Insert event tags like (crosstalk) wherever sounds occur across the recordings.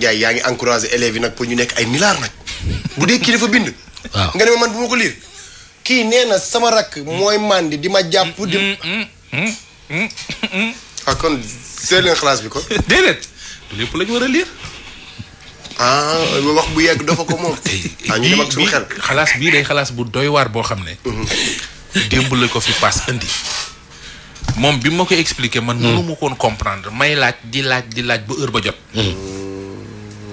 Ndiaye yaa ngi encouragé élèves yi nag pour ñu nekk ay milliards nag bu dee kii dafa bind. waaw nga man bu ko liir kii nee na sama rakk mooy màndi di ma jàpp di. Mm, mm, mm, ah kon bi ko déedéet lépp lañu war a liir. ah wax bu yegg dafa ko moom. ah ñu dem ak suñu xel xalaas bii day xalaas bu doy waar boo xam ne. Mm-hmm. démb la ko fi paas andi. moom bi ma ko expliqué man. mënu ma koon comprendre may laaj di laaj di laaj ba heure ba jot.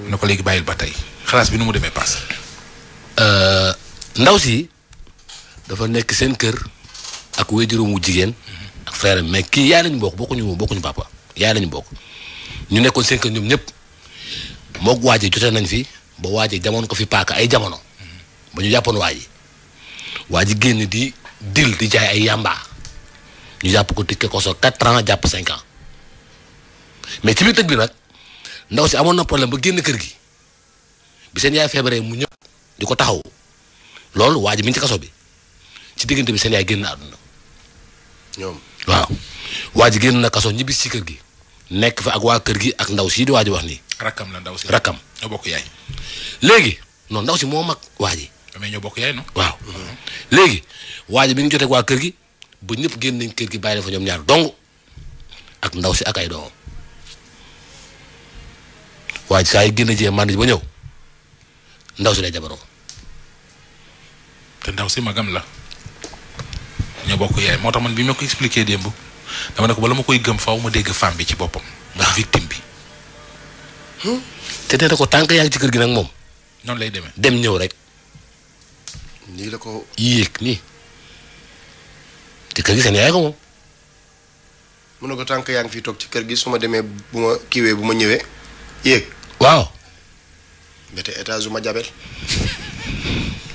na ko léegi bàyyil ba tey xalaas bi nu mu demee paas. Euh, ndaw si dafa nekk seen kër ak wéjuram wu jigéen ak frère mais kii yaay lañu bokk bokkuñu moom bokkuñu papa yaay lañu bokk ñu nekkoon seen kër ñoom ñëpp mook waa ji jotee nañ fi ba waaje ji jamono ko fi paaka ay jamono ba ñu jàppoon waa yi waa ji génn di dil di jaay ay yàmbaa ñu jàpp ko tikke ko so quatre ans jàpp cinq ans mais ci biir tëj bi nag. ndaw si amoon na problème ba génn kër gi bi seen yaay feebaree mu ñëw di ko taxaw loolu waa ji mi ci kaso bi ci diggante bi seen yaay génn àdduna ñoom waaw waa ji génn na kaso ñibbi si kër gi nekk fa ak waa kër gi ak ndaw si di waa ji wax nii. rakkam la ndaw si rakkam. ñoo bokk yaay. léegi non ndaw si moo mag waa ji. mais ñoo bokk yaay non. Mm-hmm. léegi waaj bi mi ngi waa kër gi ba ñëpp génn nañ kër gi bàyyi na fa ñoom ñaar dong ak ndaw si ak ay doomam. waaye saa yi génn jee màndi ba ñëw ndaw si day jabaroo te ndaw si magam la ñoo bokk yaay moo tax man bi ma ko expliqué démb dama ne ko bala ma koy gëm faaw ma dégg femme bi ci boppam ndax victime bi hmm? te nee na ko tànk yaa ci kër gi nag moom noonu lay demee dem ñëw rek nii la ko yéeg nii te kër gi seen yaay mun na ko tànk yaa ngi fi toog ci kër gi su ma demee bu ma kiiwee bu ma ñëwee yéeg waaw. mbete étage su ma jabel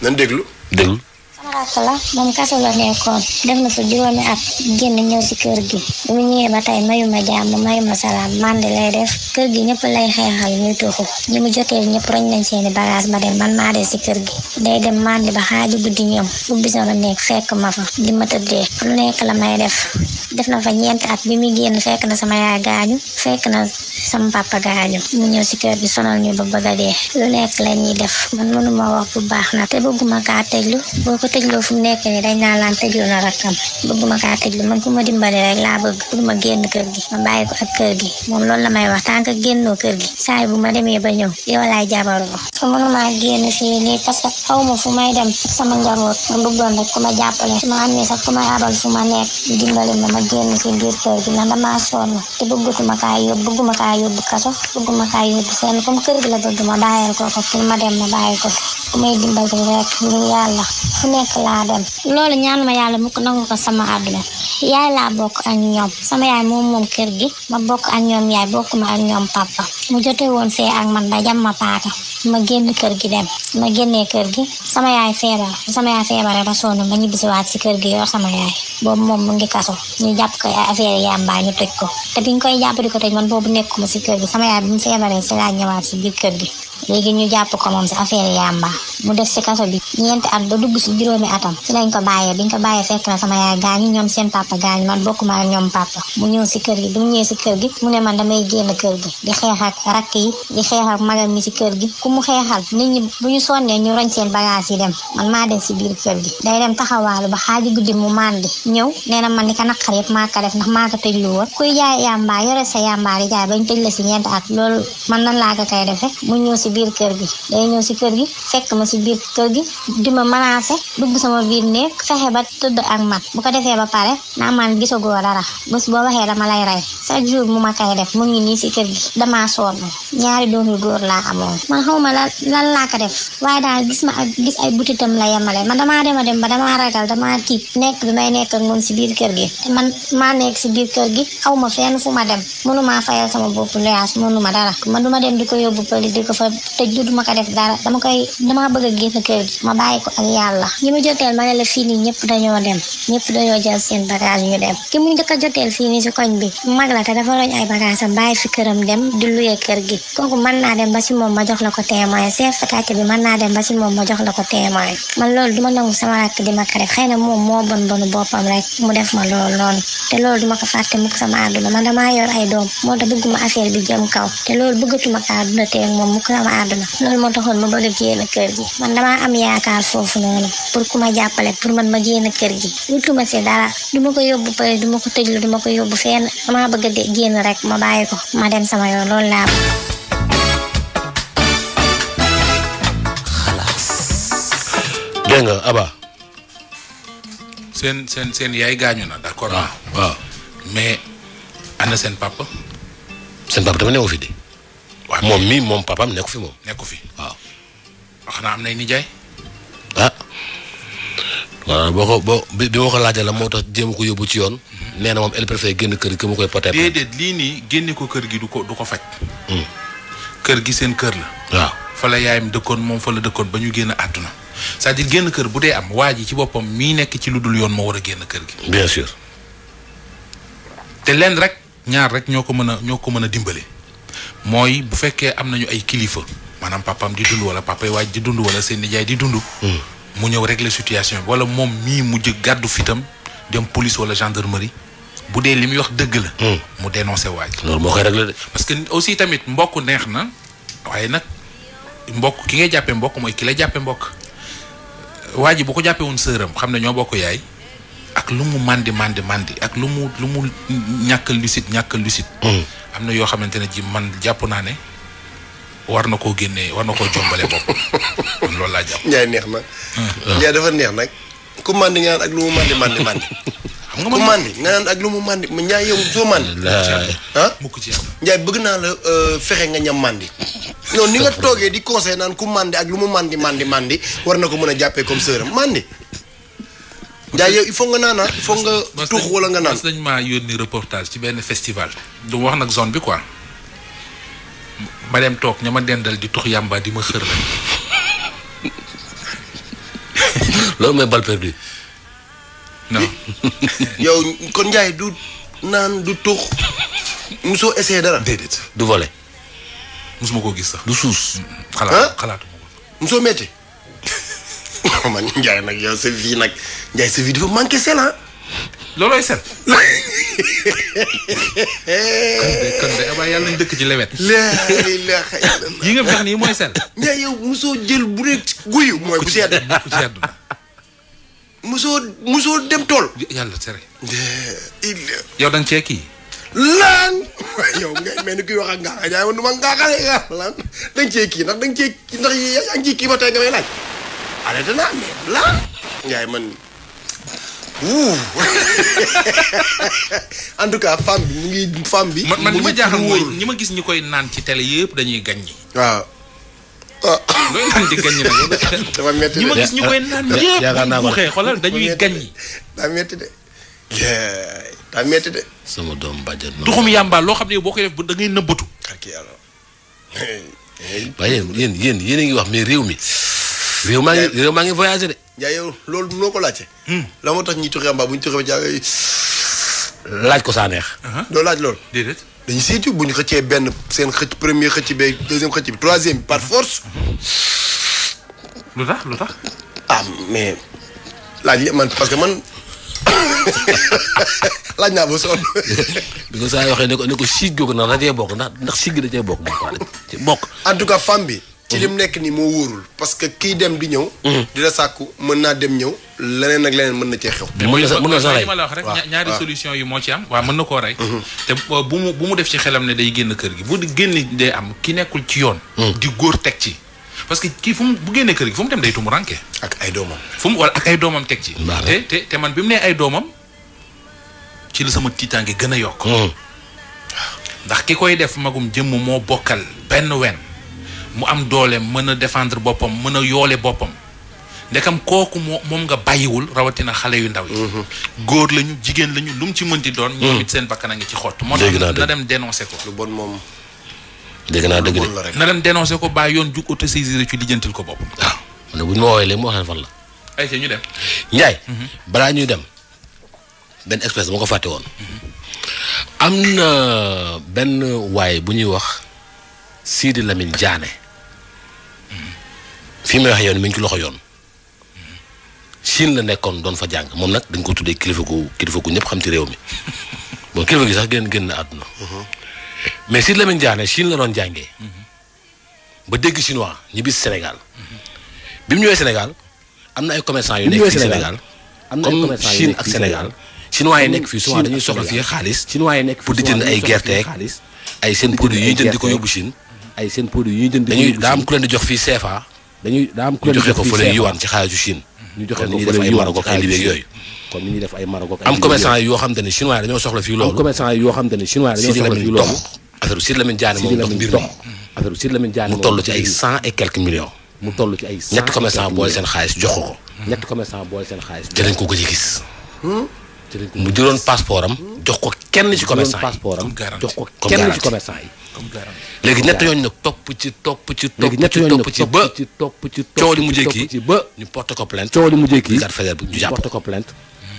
nan déglu. déglu. sama rakk la moom kaso la nekkoon def na fa juróomi at génn ñëw si kër gi bu mu ñëwee ba tey mayu ma jàmm mayu ma salaam màndi lay def kër gi ñëpp lay xeexal ñuy tuuxu ñi mu jotee ñëpp roñ nañ seeni bagage ba dem man maa des si kër gi day dem màndi ba xaaju guddi ñoom bu bisoona nekk fekk ma fa di ma tëddee nekk la may def def na fa ñeenti at bi muy génn fekk na sama yaay gaañu fekk na sama papa gaañu mu ñëw si kër gi sonal ñu ba bëgg a dee lu nekk la ñuy def man mënuma wax bu baax na te bëgguma kaa tëjlu boo ko tëjloo fu mu nekk na rakkam bëgguma kaa tëjlu man ku ma dimbale rek laa bëgg pour ma génn la may wax tant que génnoo kër gi saay bu ma demee ba ñëw yow laay jabaroo ko mënuma génn si lii parce que xaw ma fu may dem sama njaboot ma bëggoon rek ku ma jàppale su ma amee sax ku ma abal fu ma nekk dimbale ma ma génn si biir kër gi ndax damaa sonn te bëggutuma kaa yóbbu bëgguma kaa kaa yóbbu kaso bëgguma kaa yóbbu seen comme kër gi la bëgg ma bàyyil ko ko pour ma dem ma bàyyi ko ku may dimbal ko rek ngir yàlla fu nekk laa dem loolu ñaan ma yàlla mukk nangu ko sama àdduna yaay laa bokk ak ñoom sama yaay moom kër gi ma bokk ak ñoom yaay bokkuma ak ñoom papa mu jote woon fee ak man ba jam ma paaka ma génn kër gi dem ma génnee kër gi sama yaay feebar sama yaay feebar ba sonn ma ñibbisiwaat si kër gi yor sama yaay boobu moom mu ngi kaso ñu jàpp ko affaire yàmbaay ñu tëj ko te biñ koy jàpp di ko te man boobu nekkuma si kër gi sama yaay bi mu feebaree si laa ñëwaat si biir kër gi léegi ñu jàpp ko moom si affaire yàmba mu def si kaso bi ñeenti at ba dugg si juróomi atam si lañ ko bàyyee biñ ko bàyyee fekk na sama yaay gaañu ñoom seen papa gaañu man bokkuma si biir kër gi day dem taxawaalu ba xaaji guddi mu mandi ñëw nee man ni ko naqar maa ko def ndax maa ko tëj lu kuy jaay yàmbaa yore sa yàmbaa di jaay bañ tëj la si ñeenti at loolu man nan laa ko kay defe mu ñëw si biir kër gi day ñëw si kër gi fekk ma si biir kër gi di ma menacé dugg sama biir néeg fexe ba tëdd ak bu ko defee ba pare naa man gisagoo dara bés boo waxee dama lay rey chaque jour mu ma kay def mu ngi nii si kër gi damaa sonn ñaari doom yu góor laa amoon man xaw ko def waaye daal gis ma ak gis ay butitam la yemale man damaa dem a dem ba damaa ragal damaa tiit nekk bi nekk ak moom si biir kër gi man maa nekk si biir kër gi aw ma fenn fu ma dem mënu maa fayal sama bopp loyaas mënu ma dara man du ma dem di ko yóbbu pëli di ko fa te juduma ko def dara dama koy dama bëgg a génn kër gi ma bàyyi ko ak yàlla ñi ma joteel ma ne la fii nii ñëpp dañoo dem ñëpp dañoo jël seen bagage ñu dem ki mu njëkk a joteel fii nii si koñ bi mag la te dafa roñ ay bagage am bàyyi fi këram dem di luyee kër gi kooku mën naa dem ba si moom ma jox la ko témoin chef de quartier bi mën naa dem ba si moom ma jox la ko témoin man loolu duma nangu sama rakk di ma ko def xay na moom moo bon bonu boppam rek mu def ma loolu noonu te loolu duma ko fàtte mukk sama àdduna man damaa yor ay doom moo tax bëgguma affaire bi jëm kaw te loolu bëggatuma ko àdduna teeg moom mukk sama àdduna loolu moo taxoon ma bëgg a génn kër gi man damaa am yaakaar foofu noonu pour ku ma jàppale pour man ma génn kër gi wutuma si dara du ko yóbbu pare du ko tëjlu du ma ko yóbbu fenn damaa bëgg a génn rek seen seen yaay gaañu na d'accord. waaw waaw mais ana seen papa. seen papa dama newu fi di. waaw moom mii moom papaam nekku fi moom. nekku fi waaw. xanaa am nay nijaay. ah. waaw boo ko boo bi bi ma ko laajee la moo tax jéem ko yóbbu ci yoon. Mhm. nee na moom El Préfet génn kër gi que mu koy poté. déedéet lii nii génne ko kër gi du ko du ko faj. Hmm. kër gi seen kër la. waaw fa la yaayam dëkkoon moom fa la dëkkoon ba ñu génn àdduna. cest à génn kër bu dee am waa ji ci boppam mii nekk ci lu dul yoon moo war a génn kër gi. bien sûr. te leen rek ñaar rek ñoo ko mën a ñoo ko mën a dimbali. mooy bu fekkee am nañu ay kilifa maanaam papaam di dund wala papa waaj di dund wala seen nijaay di dund. Hmm. mu ñëw régler situation bi wala moom mii mujj gàddu fitam dem police wala gendarmerie bu dee li muy wax dëgg la. Hmm. mu dénoncé waaj. loolu moo koy régler de. parce que aussi tamit mbokk neex na waaye nag mbokk ki ngay jàppee mbokk mooy ki la jàppee mbokk waa ji bu ko jàppee woon sëram xam ne ñoo bokk yaay. ak lu mu mandi mandi mandi ak lu mu lu mu ñàkk lucide hmm. am na yoo xamante ne ji man jàpp naa ne war na koo génnee war na koo jombale bopp man loolu laa jàpp. Ndiaye neex na. Ah, ah. Ndiaye dafa neex nag. ku màndi nga naan ak lu mu màndi màndi màndi. xam nga man ak lu mu màndi ma Ndiaye yow doo màndi. ah bëgg naa la euh, fexe nga ñam màndi. non ni nga (laughs) toogee di conseil naan ku màndi ak lu mu màndi màndi màndi war na ko mën a jàppee comme sœuram màndi. Ndiaye yow il faut nga naan ah il faut nga. tuux wala nga naan dañ maa yónni reportage ci benn festival. du wax nag zone bi quoi ma dem toog ña ma dendal di tux yàmba di ma xër rek. (laughs) loolu mooy (laughs) yow kon Ndiaye du naan du tux musoo essayé dara. déedéet du voler. musuma koo gis sax du suus. xalaat xalaatu ma ko. musoo non (laughs) man Ndiaye nag yow sa vie nag Ndiaye sa vie dafa manqué sel ah. loolooy sel. (laughs) kon de kon de abaa yàlla nañ dëkk ci lewet. (laughs) yi nga fex nii mooy sel. Ndiaye yow mosoo jël bu ne guyu mooy bu sedd. bu sedd. mosoo mosoo dem tool. yàlla tere. yow da nga cee kii. lan yow ngay mel ni kuy wax ak ngaa Ndiaye man du ma ngaa xale ah, lan da nga cee kii ndax da nga cee ndax yaa ngi ciy kii ba tey nga may laaj. arrêté naa mais là. Ndiaye man wuu en tout bi mu ngi femme bi. man man li ma jaaxal mooy ñi ma gis ñu koy naan ci télé yëpp dañuy gañ waaw. looy naan di gàññi nag. de ñi ma gis ñu koy naan yëpp. yaakaar naa ko waxee dañuy gàññi. daa daa métti de. sama doom bàjjen na. tuxum yàmba loo xam ne boo koy def da ngay nëbbatu. ok alors. waaye yéen yéen yéen a ngi wax mais réew mi. réew maa ngi réew maa ngi voyagé de. Ndiaye yow loolu noo ko laajte. Hmm. la moo tax ñuy tuxee mbaa bu ñu tuxee ba jaay laaj ko saa neex. Uh-huh. doo laaj lool déedéet dañu siitu bu ñu xëccee benn seen xëcc premier xëcc beeg deuxième xëcc bi troisième bi par uh-huh. force. lu tax lu tax. Ah, mais laaj man parce que man. (laughs) laaj naa ba sol (laughs) bi ko saa waxee ne ko ne ko siig googu na da cee bokk ndax ndax siig da cee bokk. bokk en tout cas femme bi. ci lim nekk ni moo wóorul parce que kiy dem di ñëw. Mm-hmm. dina sàkku mën naa dem ñëw leneen ak leneen mën na cee xew. mën na sa rey ma la wax rek ñaari solution yi moo ci am waa mën na koo rey. Mm-hmm. te euh, bu mu bu mu def ci xelam ne day génn kër gi bu génn day am ki nekkul ci yoon. Mm. di góor teg ci. parce que kii fu mu bu génnee kër gi fu mu dem day tumu ak ay doomam. fu mu wala ak ay doomam teg ci. te te te man bi mu nee ay doomam ci la sama tiitaange gën a yokk. Mm. ndax ki koy def magum jëmm moo bokkal benn wen mu am dooleem mën a défendre boppam mën a yoole boppam ndekam kooku moo moom nga bàyyiwul rawatina xale yu ndaw yi. Mhm. góor lañu jigéen lañu lu mu ci mënti doon. ñoom mhm. it seen bakkan a ci xott. moo tax na dem dénoncé ko. lu bon moom. dégg naa dëgg de na dem dénoncé ko bàyyi yoon jug autosaisir ci lijjantil ko boppam. waaw ah, man bu ñu ma woowee léegi ma wax leen fan la. ñu dem. Ndiaye. Mhm. balaa ñuy dem benn express moo ko am na benn waay bu ñuy wax Sidi Lamine jaane fii may wax yoon mi ngi ci loxo yoon Chine la nekkoon doon fa jàng moom nag dañ ko tuddee kilifa gu kilifa gu ñëpp xam ci réew mi (laughs) bon kilifa gi sax génn génn na àdduna. Uh-huh. mais Sidy Lamine Diané Chine la doon jànge uh-huh. ba dégg chinois ñi bis Sénégal. Uh-huh. bi mu ñëwee Sénégal am na ay commerçants yu nekk fii Sénégal. am na ay Chine ak nekk fii souvent dañuy soxla fii xaalis. chinois yi nekk pour di jënd ay gerteeg ay seen produits yu ñu jënd di ko yóbbu Chine. ay seen produits yu ñu jënd di ko yóbbu Chine dañuy jox fii CFA. dañuy daa am kuréel joxe ko fële yuwaan ci xaalisu Chine ñu joxe kon ni ñuy def ay Maroc ak ay am commerçant yoo xam te ne chinois dañoo soxla fii loolu am commerçant yoo xam te ne chinois dañoo soxla fii loolu affaire Sidi Lamine Diané moom dox mbir mi affaire Sidi Lamine Diané mu toll ci ay cent et quelques millions mu toll ci ay cent ñetti commerçant boole ko ñetti commerçant boole seen xaalis dinañ ko gëj hmm? mu jëloon passeport am jox ko kenn ci commerçant yi jox ko kenn yi léegi ñett yooñu nag topp ci topp ci topp ci topp ci ba coow li mujjee kii ba ñu porte ko plainte coow li mujjee kii brigade fajar bi ñu jàpp porte ko plainte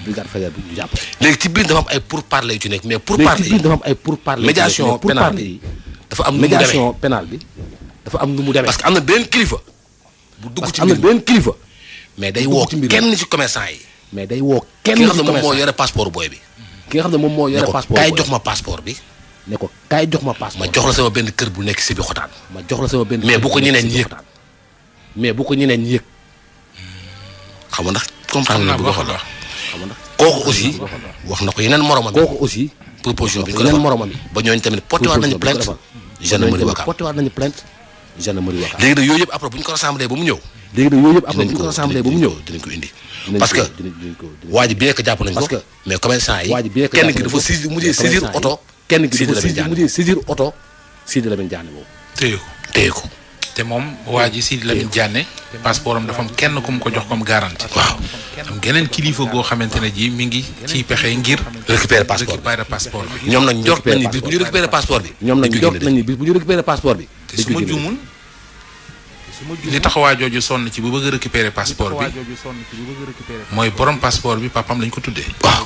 brigade fajar bi ñu jàpp léegi ci biir dafa am ay pourparlers yu ci nekk mais pourparlers yi yi dafa am bi dafa am nu mu demee parce que am na benn kilifa bu dugg ci am na benn kilifa mais day woo kenn ci commerçant yi mais day woo kenn ci commerçant ki nga xam ne moom moo yore passeport nga xam ne moom moo yore passeport kaay ma passeport bi ne ko kaay jox ma passeport. ma jox la sama benn kër bu nekk si bi xotaan. ma jox la sama benn kër bu ko ñeneen yëg mais bu ko ñeneen yëg. xam nga na a baax xam kooku aussi. wax na ko yeneen moromam. kooku aussi. proposition bi ko yeneen moromam bu ñu ko rassemblé ba mu ñëw. léegi nag yooyu yëpp après bu ñu ko rassemblé ba mu ñëw parce que waa ji bien jàpp nañ ko. parce que mais commerçant yi. waa ji jàpp nañ ko mujjee saisir oto. kenn ki dafa saisir mu saisir oto Sidi Lamine Diané boobu. téye ko téye ko. te moom waa ji Sidi Lamine Diané passeport am dafa am kenn ku mu ko jox comme garantie. waaw am geneen kilifa goo xamante ne ji mi ngi ciy pexe ngir. récupérer passeport bi récupérer passeport bi. ñoom nag ñu récupérer passeport bi ñoom nag jot nañu bis bu ñu récupérer passeport bi. li taxawaa jooju sonn ci bu bëgg a récupérer passeport bi mooy borom passeport bi papam lañ ko tuddee. waaw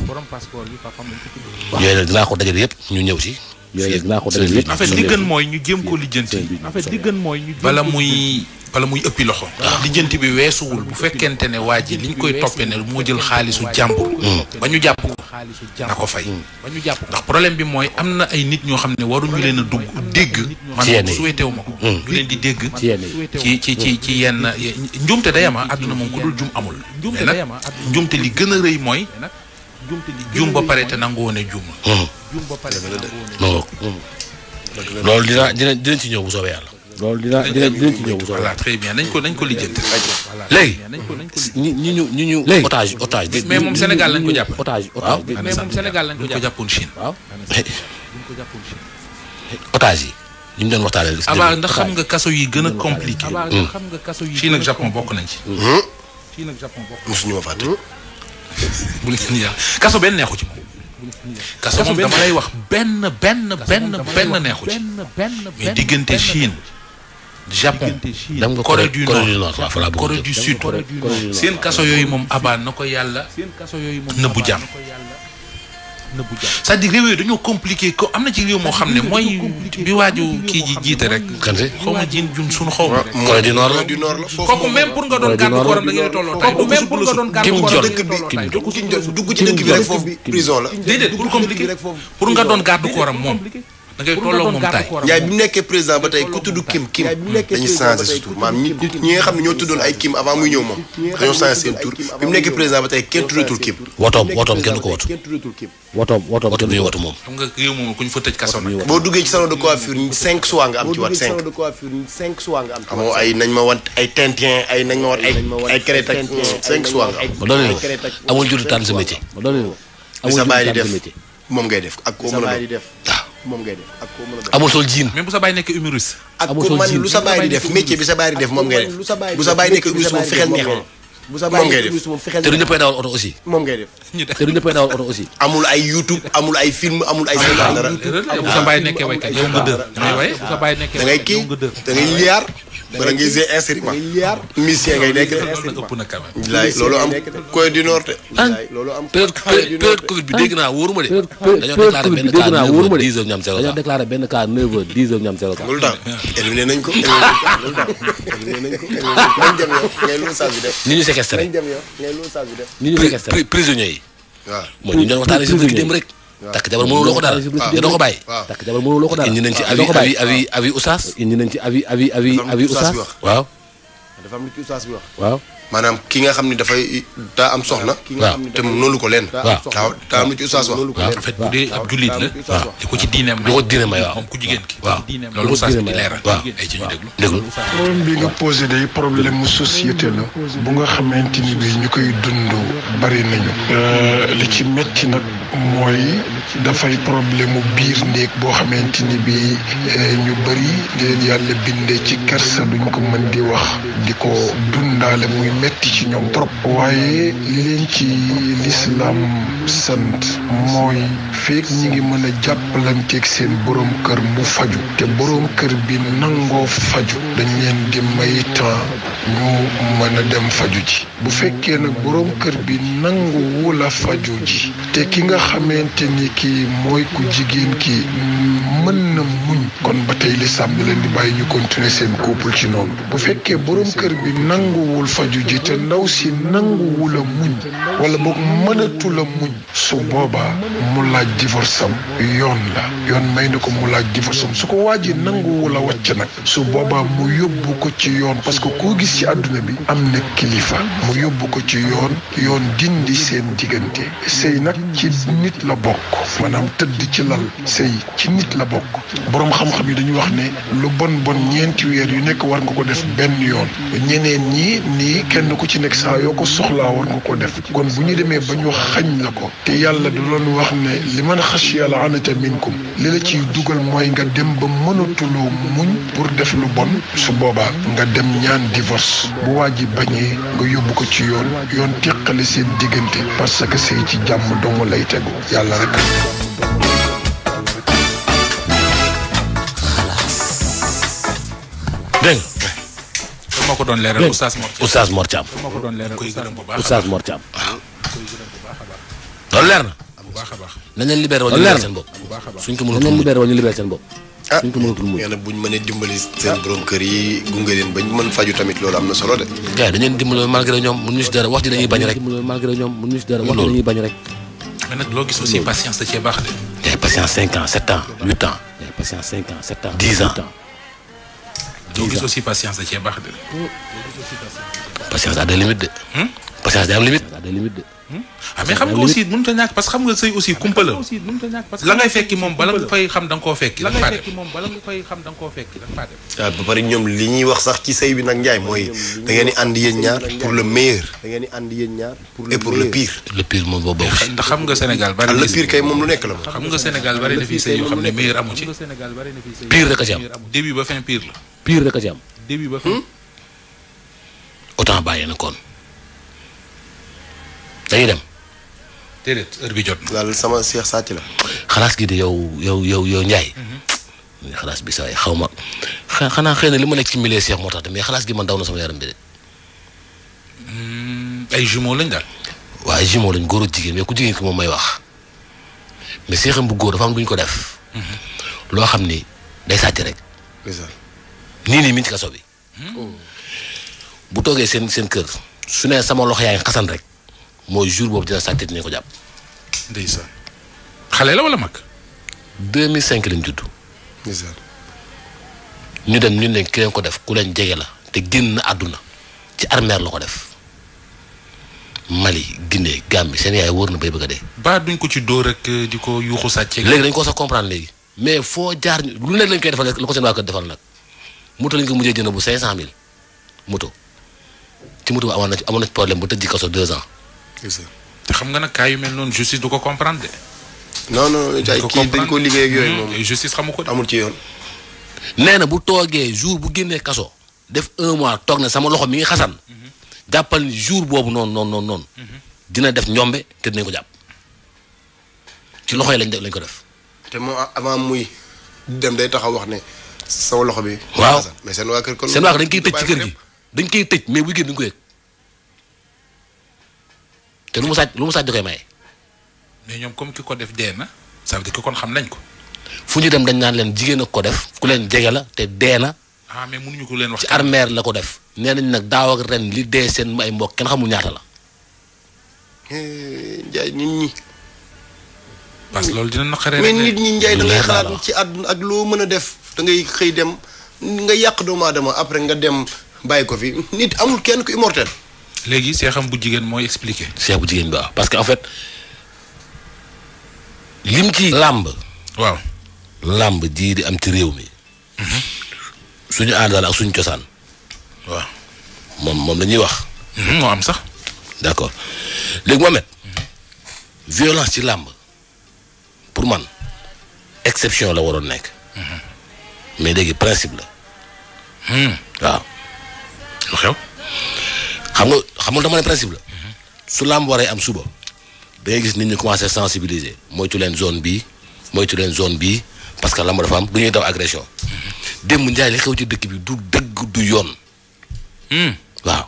yooyu nag dinaa ko dajale yëpp ñu ñëw si yooyu dinaa ko def yëpp en fait li ñu jéem ko lijjanti en fait gën mooy ñu bala muy bala muy ëppi loxo lijjanti bi weesuwul bu fekkente ne waa ji liñ koy toppee ne moo jël xaalisu jàmbur ba ñu jàpp ko na ko fay mm. ndax problème bi mooy am na ay nit ñoo xam ne waruñu leen a dugg dégg man souhaité wu ma ko ñu mm. leen di dégg ci ci ci ci yenn njuumte day am ah. àdduna moom ku dul jum amul mais nag ah. njuumte li gën a rëy mooy juum ba pare te nangu woon a juum. Hmm. juum ba pare te nangu woon hmm. loolu dina dina dina ci ñëw bu soobee yàlla. loolu dina dina dina ci ñëw bu soobee. voilà très bien nañ ko nañ ko lijjanti. léegi ñi ñi ñu ñi ñu. léegi otage otage. mais moom Sénégal lañ ko jàpp. otage otage mais moom Sénégal lañ ko jàpp. jàppoon Chine waaw. otage yi. li ñu doon waxtaanee. avant ndax xam nga kaso yi gën a compliqué. Hmm. Chine ak Japon bokk nañ ci. Chine ak Japon bokk nañ ci. mosuñu ma fàtte. bu leen yàlla kaso benn neexu ci moom. kaso moom dama lay wax benn benn benn benn neexu ci. mais diggante Chine. Japon Corée du Nord Corée du Sud seen kaso yooyu moom abaan na ko yàlla nëbbu jàmm. nëbbu jàmm c'est-à-dire réew yooyu dañoo compliqué ko am na ci réew moo xam ne mooy bi waaju kii ji jiite rek xaw ma jin jun suñu xaw ma mooy di noor la pour nga doon gàddu koram da ngeen tolloo tay kooku même pour nga doon gàddu koram dëkk bi dugg ci dëkk bi rek foofu prison la déedéet pour compliqué pour nga doon gàddu koram moom da ngay tolloo moom tay yaay bi mu nekkee président ba tey ku tudd Kim Kim dañu changé sa tur maanaam ñi ñi nga xam ne ñoo tuddoon ay Kim avant muy ñëw moom dañoo changé seen tur bi mu nekkee président ba tey kenn tuddatul Kim wotoom wotoom kenn du ko wotu wotoom wotoom kenn du wotu moom xam nga réew moom ku ñu fa tëj kaso nag boo duggee ci salon de coiffure cinq sois nga am ci wat cinq amoo ay nañ ma wat ay tintien ay nañ ma wat ay ay crête ak cinq sois nga am ma doon amul jur tànn sa métier ma doon amul jur tànn sa métier moom ngay def ak koo mën a def waaw moom ngay def ak a def amul sol jiin même bu sa baay nekk humoriste ak ko man lu sa baay di def moom ngay def te du ñëppay dawal oto aussi amul ay youtube amul ay film amul ay dara bu sa baay nekkee waykat yow kii da liyaar bala ngay gisee inscrits yi musicien ngay nekk de. loolu am Corée du Nord période Covid bi naa wóoruma de. période Covid bi naa wóoruma de dañoo déclaré benn cas 9 heures 10 heures ñu am 0 cas. loolu daal éliminé nañ ko éliminé nañ ko éliminé nañ ko éliminé nañ ni ñu séquestré nañ dem yow ngay loolu takk jabar mënuloo ko dara te doo ko bàyyi takk jabar mënuloo ko dara indi nañ ci avis avis ci avis avis am lu ci oustaz bi wax waaw maanaam ki nga xam ni dafay daa am soxna. waaw te noonu ko lenn. waaw daa am lu ci ustaas wax. waaw en fait bu dee ab jullit la. waaw li ko ci diine may. li ko diine may waaw moom ku jigéen ki. waaw loolu ustaas bi di leeral. waaw ay ci ñu déglu déglu. problème bi nga posé day problème mu société la. bu nga xamante ni bii ñu koy dund bari nañu. Euh, li ci metti nag mooy dafay problème mu biir néeg boo xamante ni bii euh, ñu bari leen yàlla bindee ci kersa duñ ko mën di wax di ko dundaale muy. metti ci ñoom trop waaye li leen ci lislaam sant mooy feek ñi ngi mën a jàppalanteeg seen boroom kër mu faju te boroom kër bi nangoo faju dañ leen di may temps mën a dem faju ji bu fekkee nag borom kër bi nangu wula ji te ki nga xamante ni kii mooy ku jigéen ki mën na muñ kon ba tey lislaam bi leen di bàyyi ñu continuer seen couple ci noonu bu fekkee borom kër bi nanguwul faju ji te ndaw si nanguwu la muñ wala boog mënatu la muñ su boobaa mu laaj divorce am yoon la yoon may na ko mu laaj divorce am su ko waa ji nanguwu la nag su boobaa mu yóbbu ko ci yoon parce que koo gis ci àdduna bi am na kilifa mu yóbbu ko ci yoon yoon dindi seen diggante sëy nag ci nit la bokk maanaam tëdd ci lal sëy ci nit la bokk boroom xam-xam yi dañu wax ne lu bon bon ñeenti weer yu nekk war nga ko def benn yoon ñeneen ñi nii kenn ko ci nekk saa yoo ko soxlaa war nga ko def kon bu ñu demee ba ñu xañ na ko te yàlla du doon wax ne li man xashiya la anata minkum li la ciy dugal mooy nga dem ba mënatuloo muñ pour def lu bon su boobaa nga dem ñaan divorce bu waa ji bañee nga yóbbu ko ci yoon yoon teqale seen diggante parce que sëy ci jàmm dong lay tegu yàlla rek moo doon leeral oustaz Mor Thiam oustaz Mor Thiam. moo ko doon leeral oustaz Mor Thiam. waaw. Ah. leer na. bu baax a baax. nañ leen libéré wala ñu libéré seen bopp. Ah. suñ ko mënatul muñ nañ ñu libéré seen dimbali seen borom kër yi gunge leen bañ mën faju tamit loolu am na solo de. gars yi dañ leen dimbali malgré ñoom mënuñu si dara wax ji dañuy bañ rek. malgré ñoom mënuñu si dara wax ji dañuy bañ rek. patience da cee baax de. yaay eh, patience eh, patience 5 ans 7 ans 10 ans. doo gis aussi patience da cee baax de. Oh, patience daa day limite de. patience daa am limite. Hmm? Hmm? ah mais xam nga aussi mënut a ñàkk parce que xam nga sëy aussi ah, la la ngay fekki moom bala nga fay xam da nga koo fekki da nga faa def waaw ah, ba pare ñoom li sëy bi nag Ndiaye mooy da ngeen ànd yéen ñaar pour le meilleur da ngeen ànd yéen ñaar et pour le pire le pire moom boo ndax xam nga Sénégal bari ah, na le pire kay moom lu nekk la moom xam nga Sénégal a ci am début ba fin pire rek a ci am. début ba fin. Hmm? dem. déedéet heure bi jot na. sama seex sàcc la. xalaas gi de yow yow yow yow Ndiaye. Mhm. xalaas bi saa yi xaw ma xanaa xëy na li ma nekk ci milieu seex moo tax de mais xalaas gi man daw na sama yaram bi de. Hmm, ay jumeaux lañ daal. waaye jumeaux lañ góor ak jigéen mais ku jigéen ki moom may wax mais seexam bu góor dafa am lu ñu ko def. Mhm. loo xam ni day sàcc rek. nii nii mi ngi kaso bi. bu toogee seen seen kër su ne sama loxo yaa ngi rek mooy jour boobu dina sàcc ne ko jàpp. ndeysaan xale la wala mag. 2005 lañ judd. ndeysaan. ñu dem ñu ne ki leen ko def ku leen jege la te génn àdduna ci armeer la ko def Mali Guinée Gambie seen yaay wóor na bay bëgg a dee. duñ ko ci dóor rek di ko yuuxu sàcc. léegi dañ ko sax comprendre léegi mais foo jaar lu nekk lañ koy defal lu ko seen waa kër defal nag. moto lañ ko mujjee jënd bu 500000 moto ci moto bi amoon na ci amoon na ci problème bu tëj ci kaso 2 ans. te xam nga nag cas yu mel noonu justice du ko comprendre de. non non ay kii dañ ko liggéey hmm, justice xamu ko amul ci yoon. nee na bu toogee jour bu génnee kaso def un mois toog na sama loxo mi ngi xasan. Hmm. jàppal jour boobu noonu noonu noonu noonu. Hmm. dina def ñombe te dinañ ko jàpp ci loxo yi lañ de lañ ko def. te moom avant muy dem day taxaw wax ne. sama loxo bi. waaw seen waa kër dañ koy tëj ci kër gi dañ koy tëj mais bu génn duñ ko yëg te lu mu sàcc lu mu sàcc da koy maye. ñoom comme ki ko def dee na. ça kon xam nañ ko. fu ñu dem dañ naan leen jigéen ak ko def ku leen jege la te dee na. ah mais mënuñu ko leen wax. ci armeer ko def. nee nañ nag daaw ren li dee seen ay mbokk kenn xamul ñaata la. Eh, Njaay nit ñi. parce que loolu dina naqaree mais nit ñi Njaay da xalaat ci àdduna ak loo mën a def. da ngay xëy dem nga yàq doomu aadama après nga dem bàyyi ko fi nit amul kenn ku immortel. léegi seexam bu jigéen mooy expliqué. seex bu jigéen bi waaw parce que en fait lim ci làmb. waaw làmb jii di am ci réew mi. Mhm. suñu aadal ak suñu cosaan. waaw moom moom la wax. Mhm, moo am sax. d' accord léegi Mohamed violence ci làmb pour man exception la waroon nekk. Mhm. mais léegi principe la. Hmm. waaw. lu xew. xam nga xam nga dama ne principe la. su làmb waree am suba. da ngay gis nit ñi commencé sensibiliser moytu leen zone bii moytu leen zone bi parce que làmb dafa am du ñuy daw agression. démb njaay li xew ci dëkk bi du dëgg du yoon. Hmm. waaw.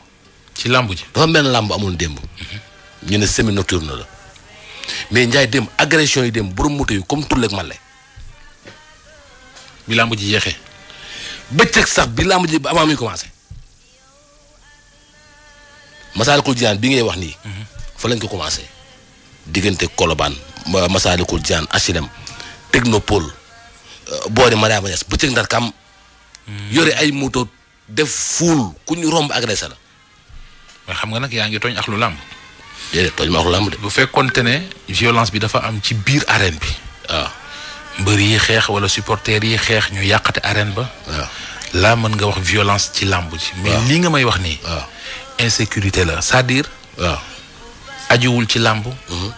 ci làmb ji dafa mel làmb amul démb. Hmm. ñu ne semi nocturne la mais njaay démb agression yi démb borom moto yi comme tulleeg male bi làmb ji yéexee bëccëg sax bi làmb ji ba avant muy commencé Masaalikul Jinaan bi ngay wax nii. Mhm. fa lañ ko commencé. diggante Colobane Masaalikul Jinaan HLM Technopole euh, boori Mariama Niass bëccëg ndar kam mhm. yore ay moto def fuul ku ñu romb agressé la. mais xam nga nag yaa ngi tooñ ak lu làmb. déedéet tooñ ma ak lu làmb de. bu fekkonte ne violence bi dafa am ci biir arène bi. waaw. Ah. mbër yi xeex wala supporters yi xeex ñu yàqate arène ba. laa mën nga wax violence ci làmb ji. mais lii nga may wax nii. insécurité la c'est-à-dire. ci làmb. Mhm.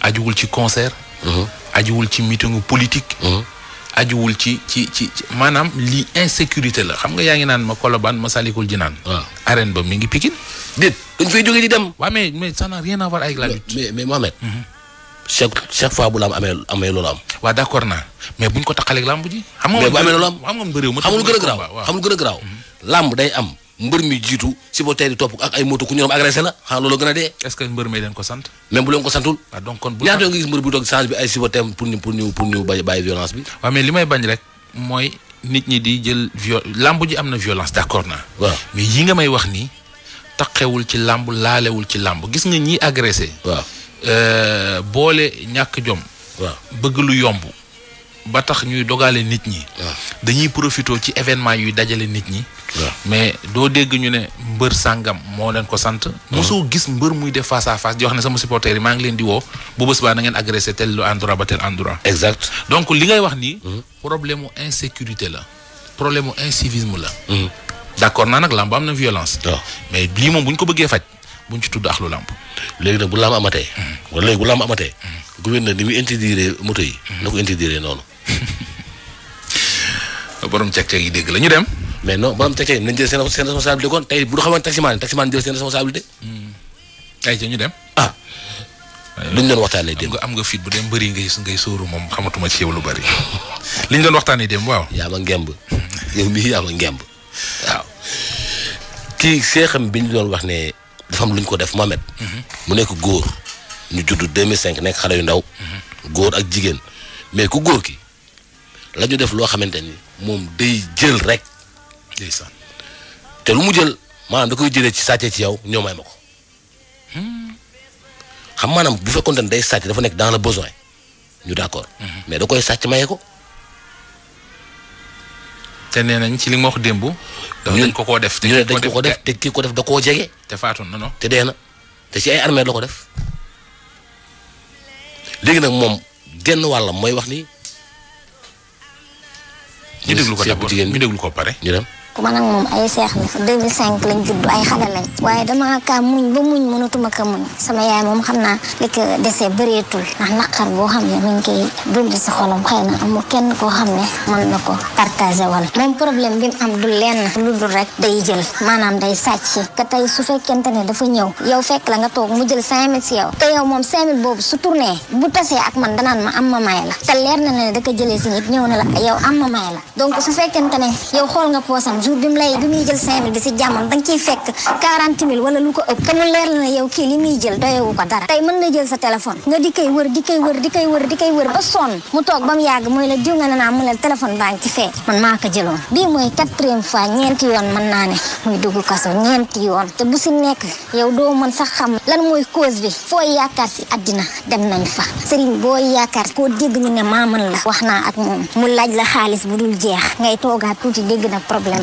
ajuwul ci concert. Mhm. ajuwul ci meetingu politique. Mhm. ajuwul ci ci ci maanaam lii insécurité la xam nga yaa ngi naan ma Colobane ma Salikul Jinaan. waaw arène ba mi ngi Pikine. déet dañ fay jógee di dem. waaw mais mais ça n'a rien à voir avec la lutte. mais mais chaque chaque fois bu la am amee amee loolu am. waaw d' accord mais buñ ko taxalee ak làmb ji. xam nga a garaaw mhm. mi jiitu si ba tey di ak ay moto ku ñu doon agressé la xanaa loolu gën a dee. est ah, may bañ rek mooy nit ñi di jël viol làmb ji am na violence d' accord naa. mais yi nga may wax nii taqewul ci làmb laalewul ci làmb gis nga ñii agressé waaw Euh, boole ñàkk jom. waaw bëgg lu yomb. ba tax ñuy dogale nit ñi. dañuy profité ci événement yuy dajale nit ñi. mais doo dégg ñu ne mbër sàngam moo leen ko sant. mosoo gis mbër muy def face à face di wax ne sama supporter yi maa ngi leen di woo bu bés baa na ngeen agressé tel lu endroit ba tel endroit. exact donc li ngay wax ni mm-hmm. problème mu insécurité la. problème mu incivisme la. Mm-hmm. d' accord naa nag làmb am na violence. mais lii moom bu ñu ko bëggee faj. buñ ci tudd axlu làmb léegi nag bu làmb amatee. Hmm. wala léegi bu làmb amatee. Hmm. gouverneur ni muy interdire moto yi. Hmm. na ko interdire noonu. (laughs) borom càq dégg la ñu dem. mais non borom càq nañ jël seen seen responsabilité kon tey bu ñu xamoon taximaan taximaan jël seen responsabilité. ay ñu dem. ah. Euh, liñ doon waxtaanee démb am nga am nga fit bu dem bëri ngay ngay moom xamatuma ci yow lu bari (laughs) liñ doon waxtaanee démb waaw. yaa ma ngemb yow mii yaa ma ngemb waaw kii seexam bi ñu doon wax ne. dafa am lu ñu ko def Mohamed. mu nekk góor ñu judd 2005 nekk xale yu ndaw. góor ak jigéen mais ku góor ki lañu def loo xamante ni moom day jël rek. ndeysaan te lu mu jël maanaam da koy jëlee ci sàccee ci yow ñoo may ma ko. xam maanaam bu fekkoon ne day sàcc dafa nekk dans le besoin ñu d'accord. Mhm. mais da koy sàcc maye ko. te nee nañ ci li nga wax démb. dañ ko koo def te dañ ko ko def te kii ko def da koo jege. te faatoon na non. te dee na te ci ay armée la ko def léegi nag moom genn wàllam mooy wax ni. ñu déglu ko d'abord ñu déglu ko pare ñu dem. man ak moom ay seex la 2005 lañ juddu ay ka muñ sama yaay moom naa li ko desee bëreetul ndax naqar boo xam ne mi ngi koy dund si xolam xëy na amul kenn koo xam ne mën na ko partagé wala moom problème bi mu am du lenn lu dul rek day jël maanaam day sàcc ka tey su fekkente ne dafa ñëw yow fekk la nga toog mu jël cinq si yow te yow moom cinq mille boobu su tourné bu tasee ak man danaan ma am ma may la te leer na ne da ko jëlee si nit ñëw na la yow am ma may la donc su fekkente ne yow xool nga poosam jour bi mu lay bi muy jël bi si jàmmam da nga ciy fekk 40000 wala lu ko ëpp te mu leer la ne yow kii li muy jël doyewu ko dara tey mën na jël sa téléphone nga di koy wër di koy wër di koy wër di koy wër ba sonn mu toog ba mu yàgg mooy la diw nga ne naa mu ne la téléphone baa ngi ci doo mën lan mooy cause bi foo yaakaar si àddina dem nañ fa sëriñ boo yaakaar koo dégg ñu ne maaman la wax naa ak moom mu laaj la xaalis bu dul jeex ngay toogaat tuuti dégg na problème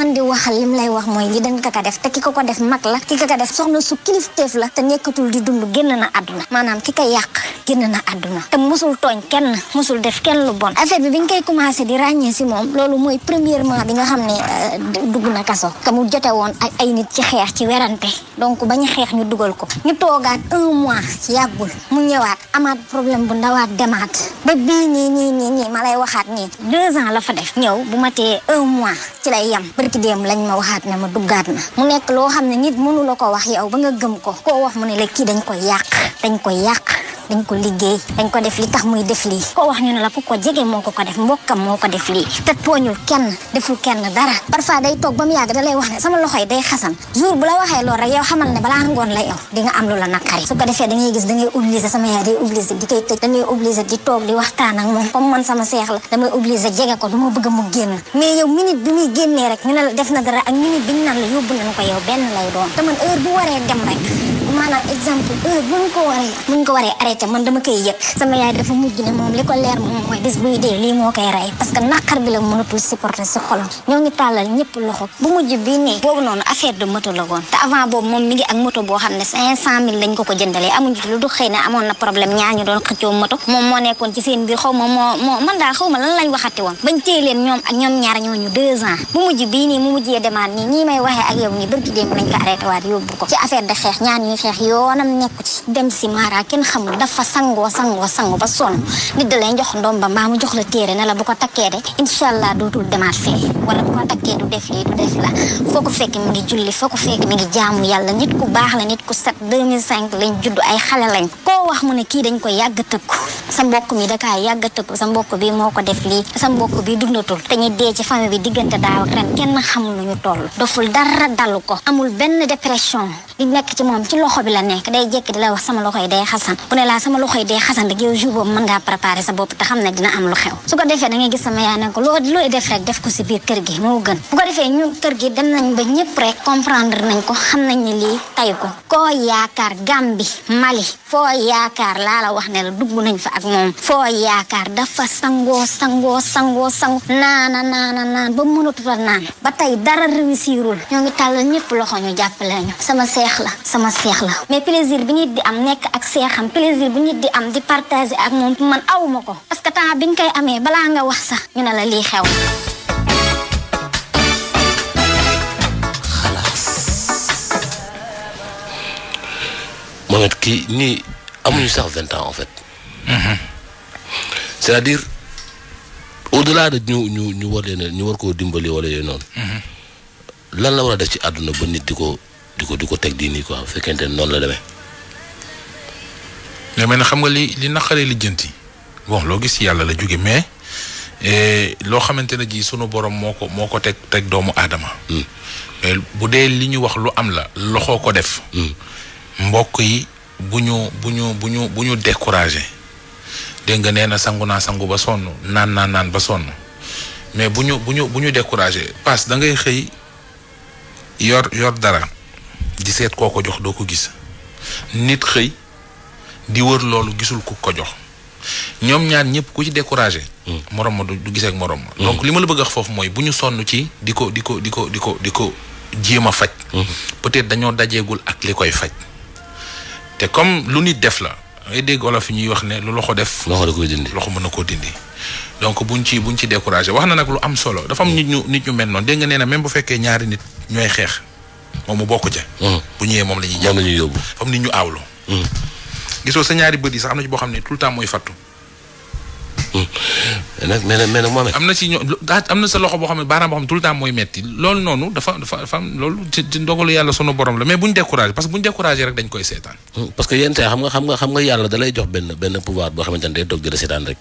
mën di waxal lim lay wax mooy li dañ ko def te ki ko ko def mag la ki ko ko def soxna su kilifteef la te nekkatul di dund génn na àdduna maanaam ki ko yàq génn na àdduna te musul tooñ kenn musul def kenn lu bon affaire bi biñ koy commencé di ràññee si moom loolu mooy premièrement bi nga xam ne euh, dugg na kaso te mu jote woon ak ay nit ci xeex ci werante donc bañ xeex ñu dugal ko ñu toogaat un mois yàggul mu ñëwaat amaat problème bu ndawaat demaat ba bii nii nii ma lay waxaat nii deux ans la fa def ñëw bu matee un mois ci lay yem bërki déem lañ ma waxaat ne ma duggaat na mu nekk loo xam ne nit mënu la ko wax yow ba nga gëm ko koo wax mu ne la kii dañ ko yàq dañ ko yàq dañ liggéey tax muy def lii koo wax ñu ne la ku ko ko ko def mbokkam moo ko def lii te kenn deful kenn dara parfois day toog ba mu yàgg da wax ne sama loxo yi day xasan jour bu la waxee loolu rek yow xamal ne balaa ngoon la yow di nga am lu la naqari su ko defee da ngay gis da ngay di toog di waxtaan moom comme man sama seex la damay obligé jege ko du ma bëgg mu génn mais yow minute bi muy génnee ñu ne la def na dara ak minute bi ñu naan la yóbbu nañu ko yow benn lay doon te man heure bu waree dem rek maanaam exemple heure bu ñu ko waree bu ñu ko waree arrêté man dama koy yëg sama yaay dafa mujj ne moom li ko leer moom mooy que naqar bi la mënatul supporter si xolam ñoo ngi tàllal ñëpp la woon te avant moom boo xam ne cinq cent mille ko ko jëndalee amuñ lu du na amoon na problème ñaar ñu doon xëccoo moto moom moo nekkoon ci seen biir xaw ma moo moo man daal xaw ma lan lañ waxati woon bañ téye leen ñoom ak ñoom ñaar ñooñu bu mujj bii nii mu mujjee demaat nii ñii may waxee ak yow nii bërki démb lañ ko arrêté waat yóbbu ko ci affaire de xeex ñaar ñi Cheikh yoonam nekku ci dem si Mara kenn xamul dafa sangoo sangoo sangu ba sonn nit da lay jox ndoom ba maa mu jox la téere ne la bu ko takkee de incha allah dootul demaat fee wala bu ko takkee du def lii du def la foo ko fekk mi ngi julli foo yàlla nit ku baax la nit ku set 2005 lañ judd ay xale lañ koo wax mu ne kii dañ ko yàgg tëkku sa mbokk mi dakaa yàgg tëkku sa mbokk bi moo ko def lii sa mbokk bii dundatul te ñu dee ci famille bi diggante daaw ak ren kenn xamul lu ñu toll doful dara dalu ko amul benn dépression li nekk ci moom ci loxo bi la nekk day jékki di la wax sama loxo yi day xasan bu ne laa sama loxo yi day xasan rek yow jour boobu mën ngaa préparer sa bopp te xam ne dina am lu xew su ko defee da ngay gis sama yaa ne ko loo looy def rek def ko si biir kër gi moo gën bu ko defee ñu kër gi dem nañ ba ñëpp rek comprendre nañ ko xam nañ ne lii tay ko koo yaakaar Gàmbi Mali foo yaakaar laa la wax ne la dugg nañ fa ak moom foo yaakaar dafa sangoo sangoo sangoo sango naana naana naan ba mënatul a naan ba tey dara réussirul ñoo ngi tàllal ñëpp loxo ñu jàppale ñu sama seex seex la sama seex mais plaisir bi nit di am nekk ak seexam plaisir bi nit di am di partager ak moom man awma ko parce temps bi nga koy amee balaa nga wax sax ñu ne la lii xew Mohamed kii nii amuñu sax vingt ans en fait. Mhm. c'est-à-dire au-delà ñu ñu ñu war ñu war koo dimbali wala yooyu noonu. Mhm. lan la war a def ci àdduna ba nit di ko di ko di ko teg di nii quoi bu fekkente ne noonu la demee. mais maintenant xam nga li li naqaree lijjanti bon loo gis yàlla la jóge mais eh, loo xamante ne ji sunu borom moo ko moo ko teg teg doomu aadama. Hmm. Eh, bu dee li ñu wax lu am la loxoo ko def. Hmm. mbokk yi bu ñu bu ñu bu ñu bu ñu découragé dégg nga nee na sangu naa sangu ba sonn naan naan naan ba sonn mais bu ñu bu ñu bu ñu découragé da ngay xëy yor yor dara. di seet koo ko jox doo ko gis nit xëy di wër loolu gisul ku ko jox ñoom ñaar ñëpp ku ci découragé. Hmm. morom ma du gisee ak morom ma. Hmm. donc li ma la bëgg a foofu mooy bu ñu sonn ci di ko di ko di ko di ko di ko jéem a faj. Hmm. peut-être dañoo dajeegul ak li faj. te comme lu nit def la ngay dégg olof yi ñuy wax ne lu loxo def. loxo da koy dindi loxo mën na koo dindi. donc buñ ci buñ ci découragé wax na nag lu am solo dafa am nit ñu nit ñu mel noonu dégg nga nee même bu fekkee ñaari nit ñooy xeex. moom mu bokk ca. Hmm. bu ñëwee moom la ñuy jàpp moom la ñuy yóbbu. comme ni ñu aawlu. Hmm. gisoo sa ñaari bët yi sax am na ci boo xam ne tout le temps mooy fattu. Hmm. nag mais nag mais nag na ci ñoo am boo xam ne baaraam boo xam ne tout le temps mooy metti loolu noonu dafa dafa dafa am loolu ci ndogalu yàlla sunu borom la mais bu ñu découragé parce que bu ñu découragé rek dañ koy seetaan. parce que yenn saa xam nga xam nga xam nga yàlla da lay jox benn benn pouvoir boo xamante ne day toog seetaan rek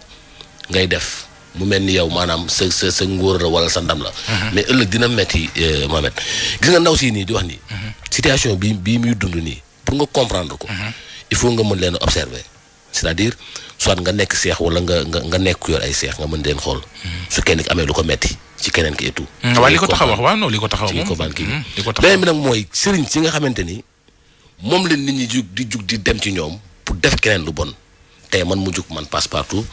ngay def. mu mel ni yow maanaam sa sa sa ngóor la wala sa ndam la. Mhm. mais ëllëg dina metti eh, Mohamed gis nga ndaw si nii di wax nii. Mhm. situation bi bii muy dund nii pour nga comprendre ko. Mhm. il faut nga mën leen a observer c'est-à-dire nekk seex wala nga nga nga nekk yor ay seex nga mën leen xool. su kenn amee lu ko metti ci keneen ki et tout. waaw li ko taxaw li ko taxaw moom li ko taxaw beneen bi nag mooy sëriñ si nga xamante ni moom la nit ñi di jug di dem ci ñoom pour def keneen lu bon. tey man mu jug man passe partout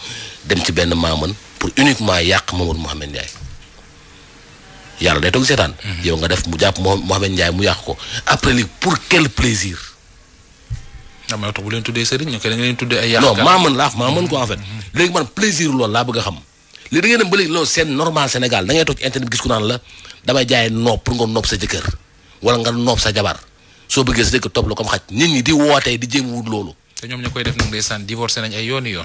dem ci benn maaman pour uniquement yàq Mamadou Mouhamed Ndiaye yàlla day toog seetaan. Mhm. yow nga def mu jàpp Mouhamed njaay mu yàq ko après li pour quel plaisir. am na tax bu tuddee sëriñ ñu koy da ngeen tuddee ay. yàq maaman laa maaman ko en fait. Mhm. léegi man plaisir loolu laa bëgg a xam. léegi da ngeen ba léegi loolu seen normal Sénégal da toog ci internet gis ko naan la damay jaay noob pour nga noob sa jëkkër wala nga noob sa jabar soo bëggee sa jëkkër topp la comme nit ñi di wootee di jéem wut te ñoom ñoo koy def nag ndeysaan divorcé nañ ay yooni yoon.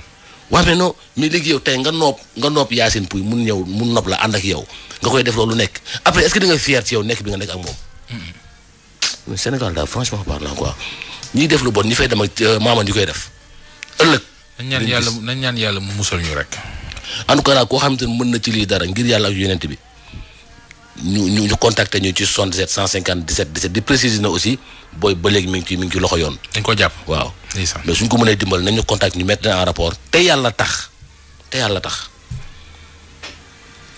waaw mais non mais léegi yow tey nga nopp nga nopp Yacine Pouye mun ñëw mun nopp la ànd ak yow nga koy def loolu nekk après est-ce que di nga fier ci yow nekk bi nga nekk ak moom. Sénégal daal franchement parlant quoi ñiy def lu bon ñi fay dem ak euh, maama ñi koy def ëllëg. nañ ñaan yàlla nañ ñaan yàlla mu musal ñu rek. en tout koo xam ne mën na ci lii dara ngir yàlla ak yonent bi ñu ñu ñu contacter ñu ci 77 157 17 di préciser na aussi booy ba léegi mi ngi ci mi ngi ci loxo yoon. dañ ko jàpp waaw. mais suñ ko mënee dimbal nañ ñu contact ñu mettre en rapport te yàlla tax te yàlla tax.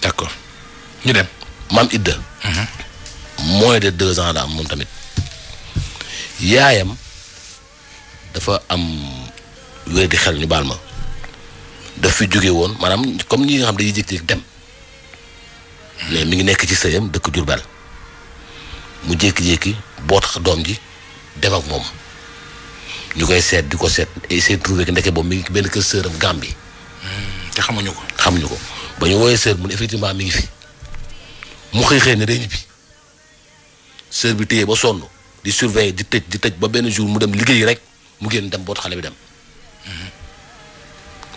d' accord ñu dem. maam Idda. Mhm. de deux ans la am moom tamit. yaayam dafa am wér xel ñu baal ma daf fi jóge woon maanaam comme ñi nga xam dañuy jékki-jékki dem. mais mi ngi nekk ci sëyam dëkk Diourbel mu jékki-jékki boot doom ji dem ak moom ñu koy seet di ko seet et seet trouvé que ndeke boobu mi ngi benn kër sëram Gambie. Hmm, te xamuñu ko. xamuñu ko ba ñu wooyee sër mu effectivement mi ngi fi mu xëy xëy ne day ñibbi sër bi téye ba sonn di surveiller di tëj di tëj ba benn jour mu dem liggéey rek mu génn dem boot xale bi dem. Hmm.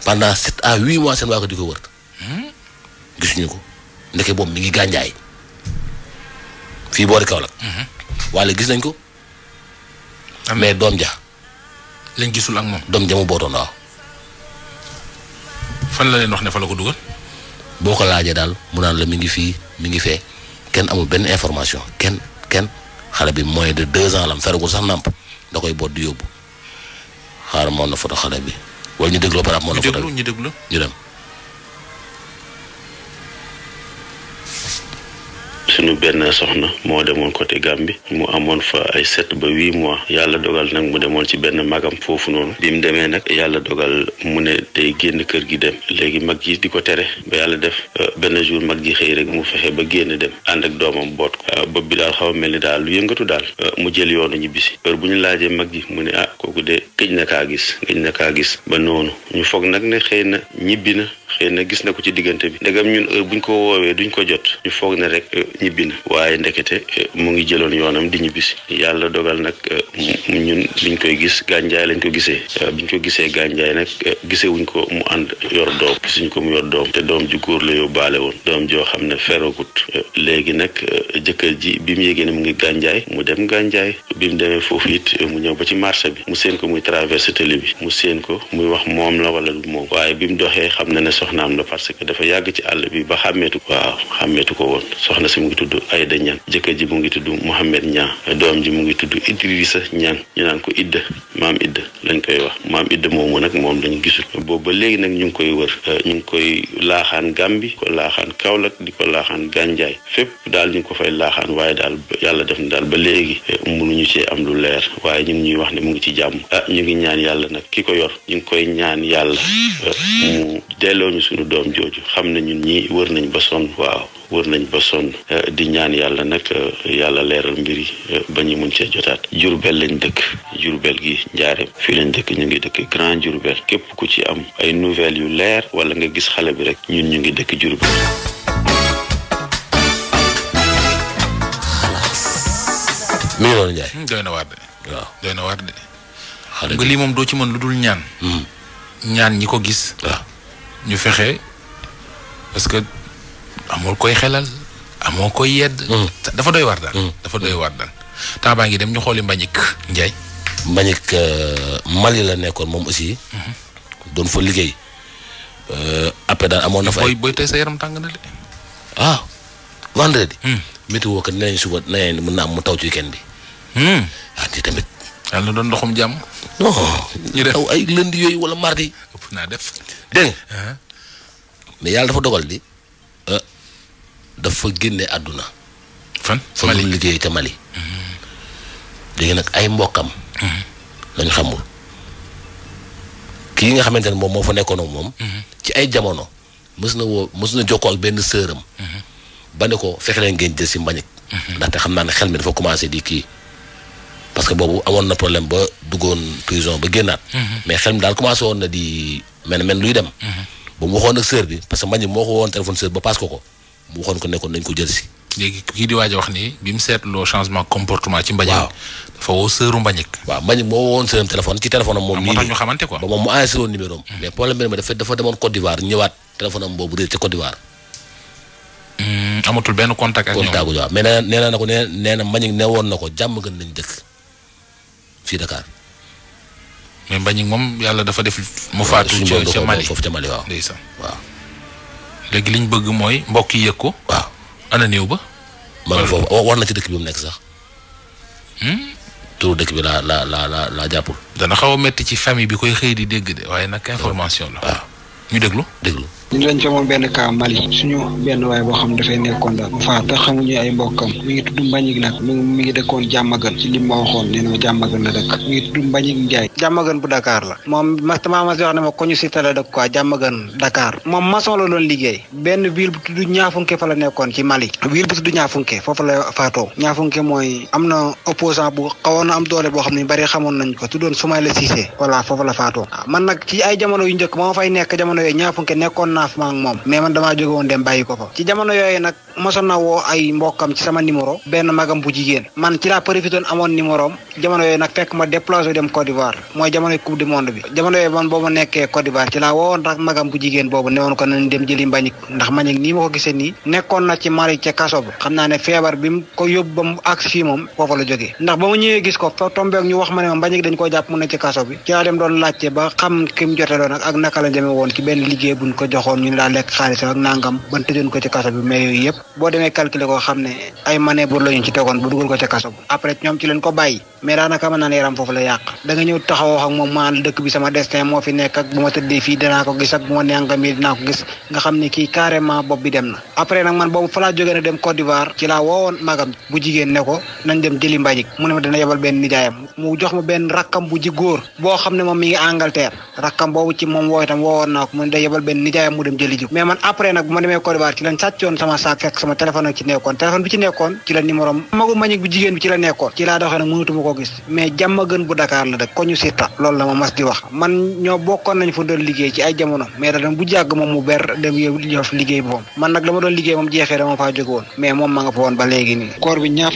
pendant sept à huit mois seen waa ko di ko wër. Hmm. gisuñu ko. ndeke boobu mi ngi gànjaay fii boori Kaolack. Mhm. walla gis nañ ko. mais doom ja. lañ gisul ak moom. doom ja mu bootoon waaw. fan la leen wax ne fa la ko dugal. boo ko laajee daal mu naan la mi ngi fii mi ngi fee kenn amul benn information kenn kenn xale bi mooy de deux ans lam feragul sax nàmp da koy boot di yóbbu xaaral moom na foto xale bi wala ñu déglu ba pare moom na foto ñu déglu ñu déglu ñu dem. suñu benn soxna moo demoon côté Gambie mu amoon fa ay sept ba huit mois yàlla dogal nag mu demoon ci benn magam foofu noonu bi mu demee nag yàlla dogal mu ne tey génn kër gi dem léegi mag ji di ko tere ba yàlla def euh, benn jour mag ji xëy rek mu fexe ba génn dem ànd ak doomam boot ko euh, bopp bi daal xaw a mel ni daal lu yëngatu daal euh, mu jël yoonu ñibbisi heure bu ñu laajee mag ji mu ne ah kooku de gëj na kaa gis gëj na kaa gis ba noonu ñu foog nag ne xëy na ñibbi na xëy na gis na ko ci diggante bi ndegam ñun heure buñ ko woowee duñ ko jot ñu foog ne rek euh, ñibbi na waaye ndekete euh, mu ngi jëloon yoonam di ñibbisi yàlla dogal nag euh, ñun buñ koy gis gànjaay lañ ko gisee biñ ko gisee gànjaay nag wuñ ko mu ànd yor doom gisuñ ko mu yor doom te doom ju góor la yóbbaale woon doom joo xam ne ferogut léegi nag jëkkër ji bi mu yégée ne mu ngi gànjaay mu dem gànjaay bi mu demee foofu it mu ñëw ba ci marché bi mu séen ko muy traversé bi mu séen muy wax moom la wala soxnaam na parce que dafa yàgg ci àll bi ba xàmmeetu waaw xàmmeetu ko woon soxna si mu ngi tudd Ayda Ñang jëkkër ji mu ngi tudd Mouhamed Ñang doom ji mu ngi tudd Idrissa Ñang ñu naan ko Idda maam Idda lañ koy wax maam Idda moomu nag moom lañ gisul boobu ba léegi nag ñu ngi koy wër euh, ñu ngi koy laaxaan Gàmbi ko laaxaan Kaolack di ko laaxaan Gànjaay fépp daal ñu ngi ko fay laaxaan waaye daal yàlla def na daal ba léegi euh, mënuñu cee am lu leer waaye ñu ngi ñuy wax ne mu ngi ci jàmm ah ñu ngi ñaan yàlla nag ki ko yor ñu ngi koy ñaan yàlla euh, mu delloo tamit suñu doom jooju xam na ñun ñi wër nañ ba sonn waaw wër nañ ba sonn eh, di ñaan yàlla nag eh, yàlla leeral mbir yi eh, ba ñu mun cee jotaat Jurbel lañ dëkk Jurbel gi njaareem fii lañ dëkk ñu ngi dëkk Grand jurubel képp ku ci am ay nouvelle yu leer wala nga gis xale bi rek ñun ñu ngi dëkk Jurbel mi ngi hmm, ci mën lu dul ñaan. Hmm. ñaan ñi ko gis. ñu fexe parce que amoo koy xelal amoo koy yedd. Mm. dafa doy waar daal. Mm. dafa doy waar daal ngi dem ñu xooli Mbagnick Ndiaye. Mbagnick euh, Mali la nekkoon moom aussi. Mm-hmm. doon fa liggéey. Euh, après daal amoon na fa ay. booy booy sa yaram tàng na de. ah vendredi. Mm. météo mën na am mu taw ci weekend bi. ah di doon ndoxum jàmm. non ñu aw ay lundi yooyu wala mardi. ëpp naa def. dégg ah. yàlla dafa dogal di euh, dafa génne àdduna. fan fa mu liggéey ca Mali. Mm-hmm. léegi nag ay mbokkam. Mm-hmm. lañ xamul. kii nga xamante ne moom moo fa nekkoon moom. Mm-hmm. ci ay jamono mës na woo mës na jokkoo ak benn sëram. ba ne ko fexe leen ngeen jël si mbañik. ndaxte xam naa ne xel mi dafa commencé di kii. parce que boobu amoon na problème ba duggoon prison ba génnaat. Mhm. mais xel mi daal commencé woon na di mel mel luy dem. Mhm. ba mu waxoon ak sœur bi parce que man moo ko woon ko ko mu waxoon ko nekkoon nañ ko jël si. léegi kii di waaj a wax ni bi mu seetloo changement comportement ci Mbagnick. woon mhm. hmm, na ko nee na na ko jàmm nañ dëkk fii Dakar. mais Mbagnick moom yàlla dafa def mu faatu ca ca Mali foofu ca Mali waaw ndeysaan léegi li ñu bëgg mooy mbokk yi yëg ko waaw ana néew ba ma nga foofu war na ci dëkk bi mu nekk sax hmm? turu dëkk bi laa la la la laa jàppul dana xaw a metti ci famille bi koy xëy di dégg de waaye nag information la waaw ñu déglu déglu ñu dañ ci amoon benn cas Mali suñu benn waay boo xam dafay nekkoon daal mu faatu xamuñu ay mbokkam mi tudd Mbagnick nag mi ma waxoon nee na ma Diamaguène la dëkk mi ngi tudd Mbagnick Ndiaye Diamaguène bu Dakar la moom mastama mas ma ko ñu si tala dëkk quoi Diamaguène la doon liggéey benn ville bu tudd Ñaafunke fa la nekkoon ci Mali ville bu tudd Ñaafunke foofu la faatoo Ñaafunke mooy am na opposant bu xawoon am doole boo xam ne bari xamoon nañ ko tuddoon Soumaïla Cissé voilà foofu la faatoo ah, man nag ci ay jamono yu njëkk moo fay nekk jamono naa fu ma ak moom mais man damaa jóge woon dem bàyyi ko mosoon na woo ay mbokkam ci sama numéro benn magam bu jigéen man ci laa profitoon amoon numéro am jamono yooyu nag fekk ma déplacé dem Côte d'Ivoire mooy jamono coupe du man boobu nekkee Côte d'Ivoire ci laa woowoon rak magam bu jigéen boobu newoon ko nañ ndax ma ko gisee nii nekkoon na ci Mali xam naa ne feebar bi moom foofu la jógee ndax ba mu ñëwee gis ko fa tombeek ñu wax ma ne ma mbañik dañ koo jàpp mu ne ci kaso bi ci laa dem doon laajte ba xam ki mu joteloon ak naka la demee woon ci benn liggéey bu ko joxoon ñu laa lekk xaalis ak n ban tëjoon ko ci boo demee calculer ko xam ne ay manœuvre la ñu ci tegoon bu dugal ko ca kaso après ñoom ci leen ko bàyyi mais daanaka mën naa ne yaram foofu la yàq da nga ñëw taxaw wax ak dëkk bi sama destin moo fi nekk bu ma tëddee fii dinaa ko gis nga xam ne kii carrément bopp bi dem na après nag man boobu fa laa dem Côte boo xam ne moom mi ngi rakkam boobu ci moom woo itam woowoon naa ko mu ne day nijaayam mu dem jëli ji mais man après nag bu ma demee Côte ci lañ sàccoon sama saak fekk sama téléphone ci nekkoon téléphone bi ci nekkoon ci la numéro magu ko gis mais jàmm gën bu Dakar la dëkk koñu Sita loolu la ma mas di wax man ñoo bokkoon nañ fa doon liggéey ci ay jamono mais da dem bu jàgg moom mu ber dem yow liggéey boppam man nag la ma doon liggéey moom jeexee dama faa jóge woon mais moom ma nga fa woon ba léegi nii